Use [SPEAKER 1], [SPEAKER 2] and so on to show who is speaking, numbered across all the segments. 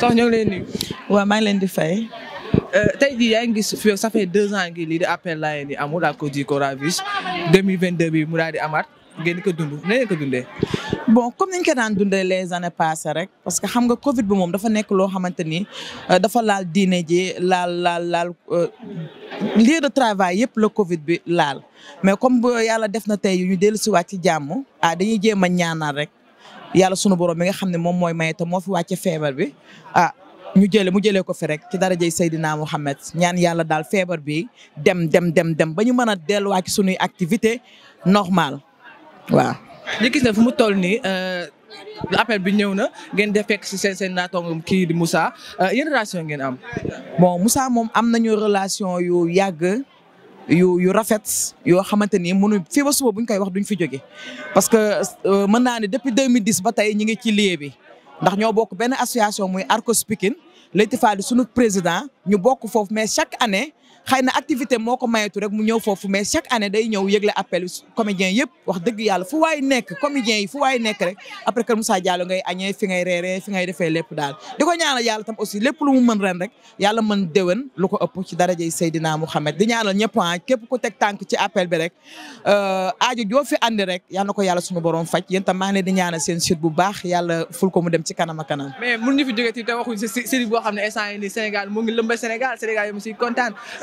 [SPEAKER 1] sox ñoo ngi leen nuyu. waaw maa ngi leen di fay.
[SPEAKER 2] Euh, tey jii yaa ngi gis fii ça fait deux ans ngi lii di appel laa yéen di amul à cause du coronavirus 2022 bi mu daal di amaat ngeen ko dund nee ko dundee. bon comme niñ ko daan dundee les années passées rek parce que xam nga Covid bi
[SPEAKER 1] moom dafa nekk loo xamante ni euh, dafa laal diine ji laal laal laal euh, lieu de travail yëpp la Covid bi laal mais comme yàlla def na tey ñu dellusiwaat ci jàmm ah dañuy jéem a ñaanal rek. yàlla sunu borom mi nga xam ne moom mooy maye moo fi wàcce feebar bi ah ñu jëlee mu jëlee ko fi rek ci darajay Seydina Mohamed ñaan yàlla daal feebar bi dem dem dem dem ba ñu mën a delluwaat ci sunuy activité normal waaw.
[SPEAKER 2] ñu gis ne fu mu toll nii euh, appel bi ñëw na ngeen def fekk si seen seen naataangoom kii di Moussa euh, yéen relation ngeen am.
[SPEAKER 1] bon moom am nañu relation yu yàgg. yu yu rafet yoo xamante ni mënu fii ba bu buñ koy wax duñ fi jóge parce que euh, mën naa ne depuis 2010 ba tey ñi ngi ci lieu bi ndax ñoo bokk benn association muy Arcos Pikine Leyti Fadi sunu président ñu bokk foofu mais chaque année xëy na activité moo ko mayetu rek mu ñëw foofu mais chaque année day ñëw yëgle appel comédien yëpp wax dëgg yàlla fu waay nekk comédien yi fu waay nekk rek après Kër Moussa Diallo ngay añee fi ngay tam aussi lépp lu mu mën rek yàlla mën déwén lu ko ëpp ci darajey Seydina Mouhamed di ñaanal ñëpp ah képp ku teg tànk ci appel bi rek euh, aajo joo andi rek yal ko yàlla suñu borom faj yéen tam di ñaanal seen suite bu baax yàlla ful ko mu dem ci kanam a kanam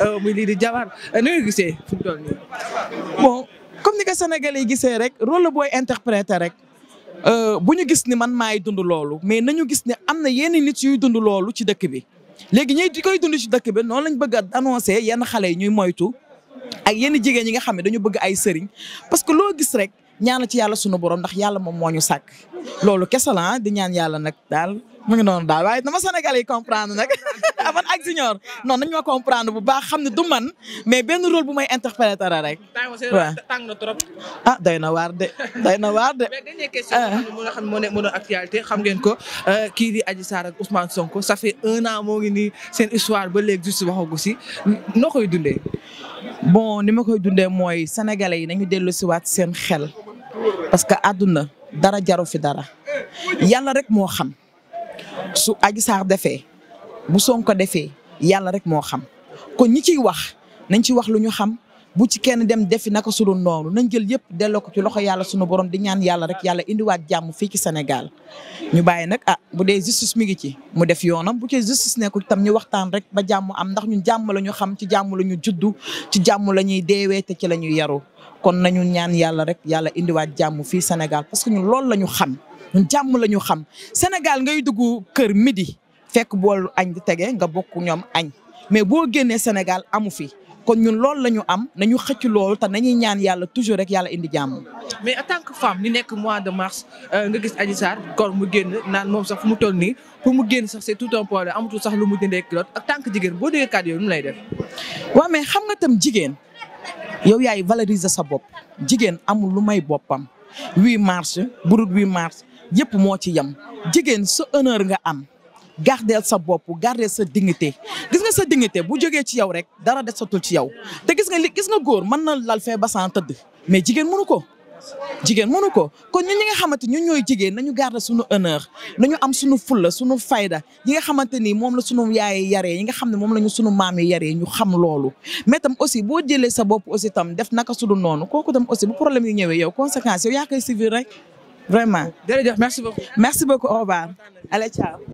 [SPEAKER 2] Euh, muy lii di jabar euh, ni gisee fu mu toll bon comme ni ko Sénégalais yi gisee rek rôle la booy
[SPEAKER 1] interpréter rek euh, bu ñu gis ni man maay dund loolu mais nañu gis ne am na yenn nit yuy dund loolu ci dëkk bi léegi ñooy di koy dund ci dëkk bi noonu lañ bëgg a annoncé yenn xale yi ñuy moytu. ak yenn jigéen ñi nga xam ne dañu bëgg ay sëriñ parce que loo gis rek ñaana ci yàlla sunu boroom ndax yàlla moom moo ñu sàkk loolu kese la ah di ñaan yàlla nag daal mu ngi noonu daal waaye dama Sénégal yi comprendre nag man ak junior non nañ ma comprendre bu baax xam ne du man
[SPEAKER 2] mais benn rôle bu may interpréter rek. waaw tàng na trop. ah day na waar de day na waar de. mais dernière question ah. mu moo ne moo doon actualité xam ngeen ko euh, kii di Adji Sarr ak Ousmane Sonko ça fait moo ngi nii seen histoire ba si noo koy dundee.
[SPEAKER 1] bon ni ma koy dundee mooy sénégalais yi nañu dellu si waat seen xel parce que àdduna dara jaru fi dara yàlla rek moo xam su Adji Sarr defee bu Sonko defee yàlla rek moo xam kon ñi ciy wax nañ ci wax lu ñu xam bu ci kenn dem defi naka su dul noonu nañ jël yëpp delloo ko ci loxo yàlla sunu borom di ñaan yàlla rek yàlla indiwaat jàmm fii ci Sénégal ñu bàyyi nag ah bu dee justice mi ngi ci mu def yoonam bu ci justice nekkul tam ñu waxtaan rek ba jàmm am ndax ñun jàmm la ñu xam ci jàmm la ñu juddu ci jàmm la ñuy deewee te ci la ñuy yaru kon nañu ñaan yàlla rek yàlla indiwaat jàmm fii Sénégal parce que ñun loolu la ñu xam ñun jàmm la ñu xam Sénégal ngay dugg kër midi fekk boolu añ di tege nga bokk ñoom añ mais boo génnee Sénégal amu fi kon ñun loolu la ñu am ñu xëcc loolu na nañuy ñaan yàlla toujours rek yàlla indi jàmm.
[SPEAKER 2] mais en tant que femme ni nekk mois de mars euh, nga gis aji Sarr kon mu génn naan moom sax fu mu toll nii pour mu génn sax c'est tout un problème amatul sax lu mu jëndee culotte ak tant que jigéen boo déggee kàddu yooyu mu lay def. waaw mais xam
[SPEAKER 1] nga tam jigéen yow yaay valoriser sa bopp jigéen amul lu may boppam huit mars budul 8 mars yëpp moo ci yem jigéen sa honneur nga am. gardeel sa bopp gardeel sa dignité gis nga sa dignité bu jógee ci yow rek dara def sa desatul ci yow te gis nga li gis góor mën na lal fee ba san mais jigéen mënu ko jigéen mënu ko kon ñun ñi nga xamante ñun ñooy jigéen nañu garder suñu honneur ñu am suñu fulla sunu fayda yi nga xamante ni moom la suñu yaay yaree yi nga xam ne moom la ñu suñu maam yi yaree ñu xam loolu mais tam aussi boo jëlee sa bopp aussi tam def naka sudu noonu kooku tam aussi bu problème yu ñëwee yow conséquence yow yaa koy suivre rek vraiment jërëjëf merci beaucoup merci beaucoup au revoir allez ciao